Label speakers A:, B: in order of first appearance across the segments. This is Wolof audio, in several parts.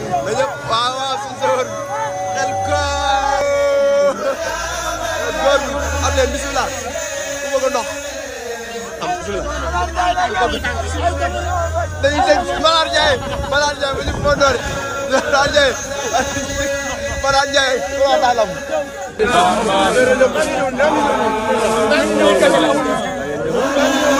A: dañu waaw waaw suñu sëwër xel góor góor bi am leen bisimilah ku bëgg ndox am bisimilah dañuy teg Malar Ndiaye Malar Ndiaye ba ñu ko doori Malar Ndiaye Malar Ndiaye waaw taalam waaw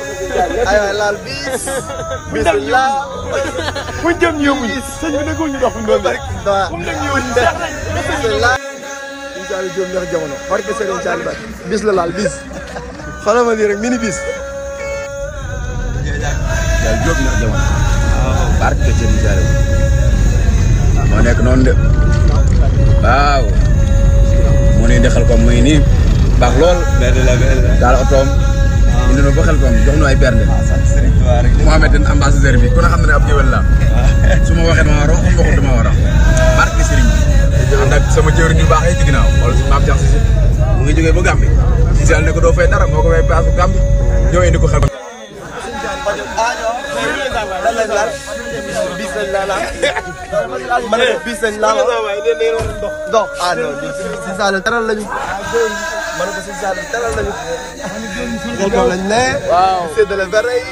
A: aywa laal bis. bis laal buñ dem yóbbuñ sëñ bi nekkul ñu dox buñ doon rek. waaw buñ dem yóbbuñ sax lañ. incha allah Diop ndax jamono barke Serigne Thial Ba bis la laal bis xanaa ma lii rek mini bis. yàlla Diop ndax jamono. waaw barke Serigne Thial Ba. moo nekk noonu de waaw. mu ne dexal ko muy nii baax lool. benn la benn la daal otoom. ne ma ba xel koom jox nu ay bernde. Ah, Mohamed den ambassadeur bi ku ne xam ne ab jëwel la ah. su ma waxee dama war a wax waxut dama war a barke sëriñ bi ànd ak sama jëwriñ si mu ne ko doo fay dara moo ko fay bu Gambie ñoo indi ko xel bis lañ ah non si sal teral lañu ma ne ko sëñ Saalum teral nañu. ñoom ñoom lañ ne. waaw séddale bere yi.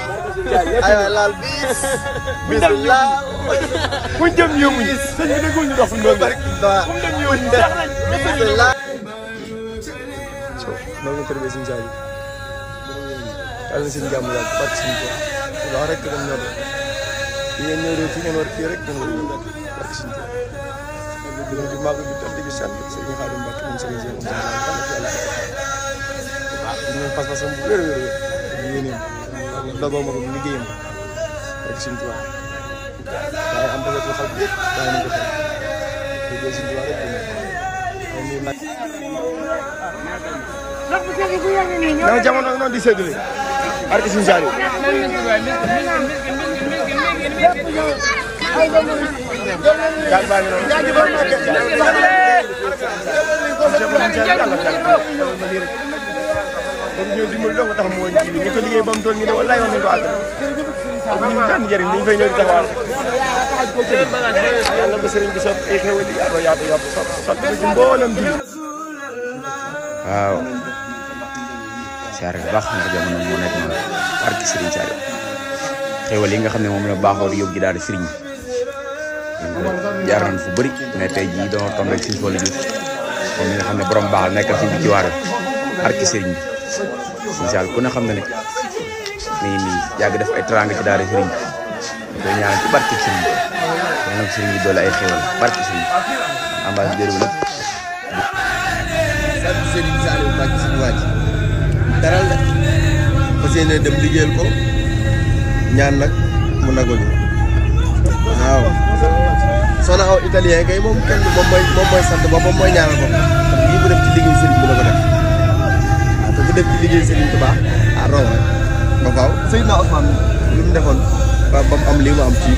A: aywa laal biis. biis laal. buñ dem yënguñ. sëñ bi dëggul ñu dox. loolu rek waaw buñ dem biis laal. maa ngi tërbee sëñ Saalum. yàlla na seen jàmm yàgg fàtt suñu ko. wax rek ngeen ñor. fi ngeen ñoree fi ngeen war fii rek ngeen war a ñor fàtt suñu ko. dengan dimagi kita di kesan sering hari batu dan sering dengan pas-pas sembulir ini udah mau beli game dari sini saya ambil itu habis dan itu jadi sini tuh ini Nang jaman nang nang dise dulu. Arti gaal baa ngi noonu kon ñoo dimbali doo ko tax moo ji ñu ko liggéey ba mu toll nii de walaay wax nañu ko àgg. waaw ñun daan njëriñ liñ fay ñëw di taxawal. yàlla ba sëriñ bi soppi ay xéwal yi àndoo yaatu yaatu soppi soppi ba ci mboolem bi. waaw. Saare bu baax nga jamono moo nekk noonu barki sëriñ Saare xéwal yi nga xam ne moom la baaxoo di yóbbu ji daal di sëriñ bi. jaar nañ fu bëri ne tey jii doon tombé ak Serigne Fallou Diouf comme ni nga xam ne borom baax la nekkal fi bi ci waaram arki Serigne bi incha allah ku ne xam ne ne nii nii yàgg def ay teraanga ci daara Serigne bi ñu koy ñaanal ci barke Serigne bi yàlla na Serigne bi doole ay xéwal barke Serigne bi ambassadeur bi nag. sant Serigne Saliou Mbacke suñu waa ji daral la fas yéene dem liggéeyal ko ñaan nag mu nagoo ñu. italien kay moom kenn moom mooy moom mooy sant boppam mooy ñaanal boppam lii bu def ci liggéey Serigne bi la ko def waaw ah, te bu def ci liggéey Serigne Touba ah raw rek ba faaw Seydina Ousmane li mu defoon ba ba mu am lii mu am ci.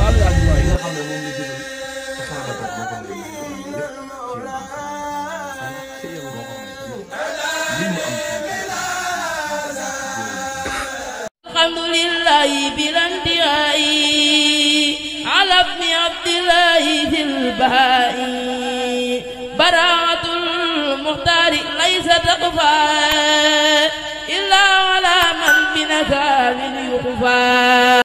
A: الحمد لله بلا انتهاء ابن عبد الله في البهائي براعة المختار ليس تقفى إلا على من بنكام يخفى